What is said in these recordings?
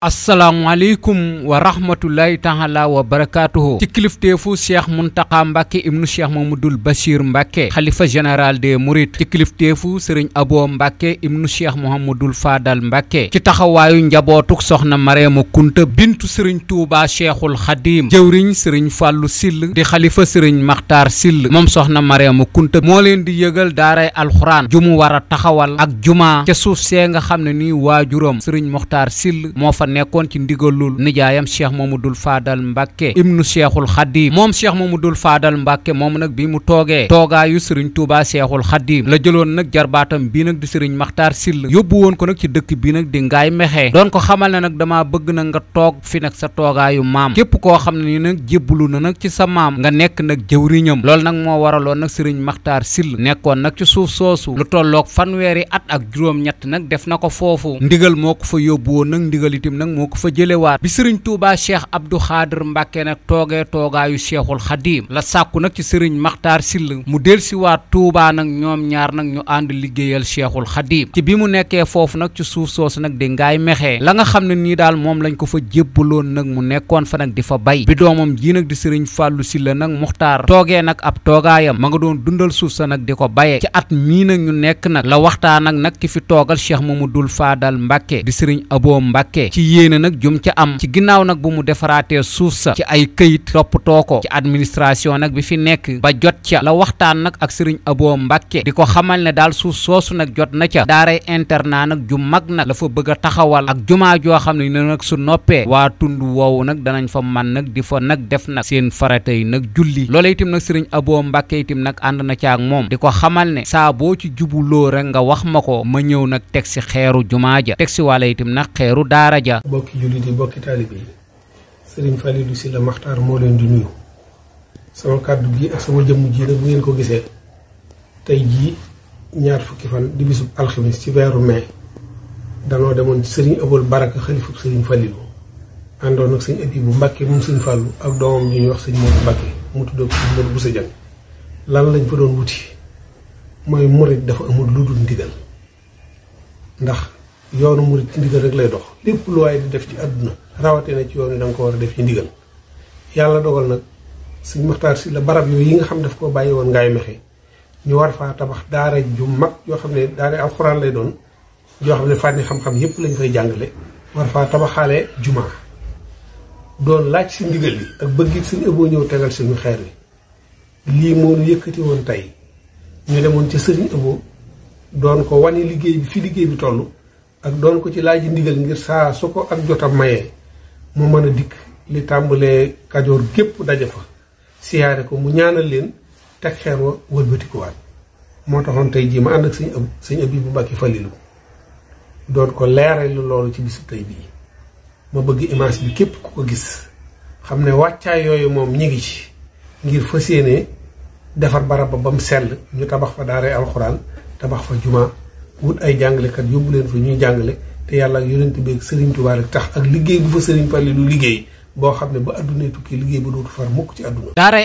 asalaamualeykum wa rahmatullahi taala wa barakaatuhu ci kilifteefu cheikh muntaqa mbàkke ibnu cheikh mamadul bachir mbàkke xalifa général des mourides ci kilifteefu sëriñ abo mbàkke ibnu cheikh mohamadul faadal mbàkke ci taxawaayu njabootuk soxna mareema kunta bintu sëriñ tuubaa cheikhul xadim jëwriñ sëriñ fàllu sill di xalifa sëriñ maxtaar sill moom soxna mareema kunta moo leen di yëgal daaray alxuraan ju mu war a taxawal ak jumaa ca suuf see nga xam ne nii waajuram sëriñ moxtaar sill nekkoon ci ndigalul nijaayam cheikh mamadul faadal mbàkke ibnu cheikhul xadim moom cheikh mamadul faadal mbàkke moom nag bi mu toogee toogaayu sëriñ tuubaa cheikhul xadim la jëloon nag jarbaatam bii nag di sëriñ maxtaar sill yóbbu woon ko nag ci dëkk bi nag di ngaay mexee doon ko xamal na nag damaa bëgg na nga toog fi nag sa toogaayu maam képp koo xam ne ni nag jébbalu na nag ci sa maam nga nekk nag jëwriñam lool nag moo waraloon nag sëriñ maxtaar sill nekkoon nag suuf soosu lu tolloog fanweeri at ak juróom-ñett na ko nag moo ko fa jëlewaat bi sëriñ Touba Cheikh Abdou Khader Mbacke nag toogee toogaayu Cheikhul Khadim la sàkku nag ci sëriñ maxtaar Sylla mu dellusiwaat Touba nag ñoom ñaar nag ñu ànd liggéeyal Cheikhul Khadim ci bi mu nekkee foofu nag ci suuf soosu nag di ngaay mexee la nga xam ne nii daal moom lañ ko fa jébbaloon nag mu nekkoon fa nag di fa bay bi doomam ji nag di sëriñ Fallou Sylla nag Muxtaar toogee nag ab toogaayam ma nga doon dundal suuf sa nag di ko bayee ci at mii nag ñu nekk nag la waxtaan ak nag ki fi toogal Cheikh Mamadou Fadal Mbacke di sëriñ Abo yéene nag jum ca am ci ginnaaw nag bu mu defaraatee suuf sa ci ay këyit toppatoo ko ci administration nag bi fi nekk ba jot ca la waxtaan nag ak sëriñ Abo Mbàkke di ko xamal ne daal suuf soosu nag jot na ca daaray internat nag ju mag nag la fa bëgg a taxawal ak jumaa joo xam ne ne nag su noppee waa tund woowu nag danañ fa man nag di fa nag def nag seen farata yi nag julli loola itam nag sëriñ Abo Mbàkke itam nag ànd na ca ak moom di ko xamal ne saa ci jubuloo rek nga wax ma ko ma ñëw nag teg si xeeru jumaa ja teg si itam nag taala bokki jullit yi bokki taalibe yi sëriñ Falilou Sylla Maxtaar moo leen di nuyu sama kàddu gi ak sama jëmm ji nag bu ngeen ko gisee tey jii ñaar fukki fan di bisub alxamis ci weeru mai danoo demoon sëriñ Aboul Baraka xalifub sëriñ Falilou àndoon ak sëñ abi bu Mbàkke moom sëñ Fàllu ak doomam ju ñuy wax sëñ Moodu Mbàkke mu tuddoo ko sëñ Moodu Busa Jang lan lañ fa doon wuti mooy murit dafa amul lu dul ndigal ndax yoonu mu ci ndigal rek lay dox lépp lu waaye di def ci àdduna rawatina ci yoon wi da ko war a def ci ndigal yàlla dogal nag suñ maxtaar si la barab yooyu yi nga xam daf koo bàyyi woon ngaay mexe ñu war faa tabax daara ju mag yoo xam ne daara alxuraan lay doon yoo ne fànni xam-xam lañ fay jàngale war faa tabaxaale juma doon laaj si ndigal li ak bëgg suñu ëboo ñëw tegal suñu xeer bi lii moo ñu yëkkati woon tey ñu demoon ci sëriñ ëboo doon ko wane liggéey bi fi liggéey bi toll ak doon ko ci laaj ndigal ngir saa su ko ak jotam mayee mu mën a dikk li tàmbalee kajoor gépp daje fa siyaare ko mu ñaanal leen teg xeer wa wëlbatikuwaat moo taxoon tey jii ma ànd ak sëñ ab sëñ abi bu Mbàkke Falilu doon ko leeral loolu ci bisu tey bii ma bëgg image bi képp ku ko gis xam ne wàccaay yooyu moom ñi ngi ci ngir fa yéene defar barab ba mu sell ñu tabax fa daaray alxuraan tabax fa jumaa wut ay jàngalekat yóbbu leen fa ñuy jàngale te yàlla ak yonent bi ak Serigne Touba rek tax ak liggéey bu fa Serigne Fallou du liggéey. boo xam ne ba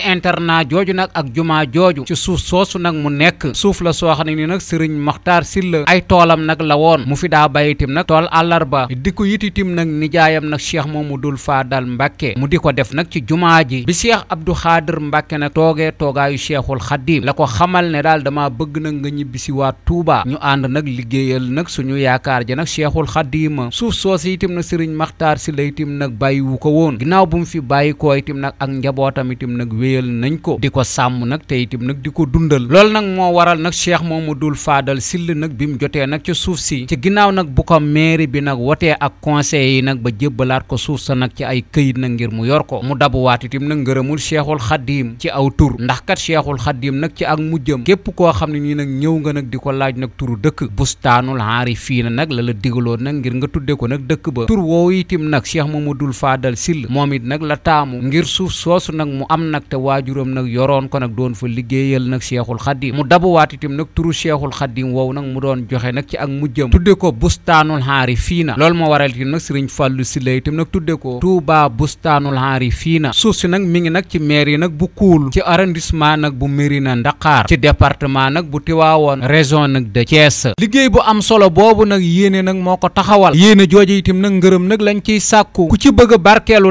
adduna jooju nag ak jumaa jooju ci suuf soosu nag mu nekk suuf la soo xam ne ni nag sëriñ maxtaar silla ay toolam nag la woon mu fi daa bàyyi bayitim nag tool àllarba di ko yititim nag nijaayam nag cheikh mamadul faadal mbàkke mu di ko def nag ci jumaa ji bi cheikh abdou xaadir mbàkke nag toogee toogaayu cheikhul xadim la ko xamal ne daal dama bëgg nag nga ñibbisi waa tuuba ñu ànd nag liggéeyal nag suñu yaakaar ji nag cheikhul xadima suuf soosu itim nag sëriñ maxtaar silla itim nag bàyyiwu ko woon bëggoon ginnaaw bu mu fi bàyyi ko itam nag ak njabootam itam nag wéyal nañ ko di ko sàmm nag te itam nag di ko dundal loolu nag moo waral nag mu dul faadal Syll nag bi mu jotee nag ci suuf si ci ginnaaw nag bu ko meeri bi nag wotee ak conseil yi nag ba jébbalaat ko suuf sa nag ci ay këyit nag ngir mu yor ko mu dabuwaat itam nag ngërëmul Cheikhul Xadim ci aw tur ndax kat Cheikhul Xadim nag ci ak mujjëm képp koo xam ne nii nag ñëw nga nag di ko laaj nag turu dëkk bustaanul haari fii nag la la nag ngir nga tudde ko nag la moom it nag la taamu ngir suuf soosu nag mu am nag te waajuram nag yoroon ko nag doon fa liggéeyal nag Cheikhul Khadim mu dabuwaat itam nag turu Cheikhul Khadim wow nag mu doon joxe nag ci ak mujjam tudde ko bustaanul xaari fii na loolu moo waral itam nag Serigne Fallou Sylla itam nag tudde ko Touba bustaanul xaari fii na suuf si nag mi ngi nag ci maire yi nag bu Koul ci arrondissement nag bu Mérina Ndakar ci département nag bu Tiwaawoon région nag de Thiès liggéey bu am solo boobu nag yéene nag moo ko taxawal yéene jooju itam nag ngërëm nag lañ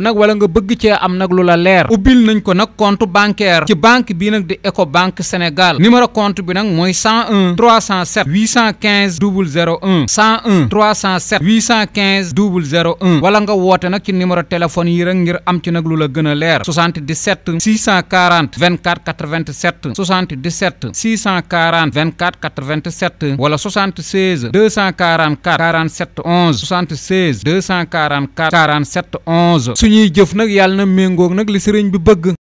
nag wala nga bëgg cee am nag lu la leer ubbil nañ ko nag compte bancaire ci banque bii nag di Ecobank Sénégal numéro compte bi nag mooy 101 307 815 001 101 307 815 001 wala nga woote nag ci numéro téléphone yi rek ngir am ci nag lu la gën a leer 77 640 24 87 77 640 24 87 wala 76 244 47 11 76 244 47 11 ñuy jëf nag yàlla na méngoog nag li sëriñ bi bëgg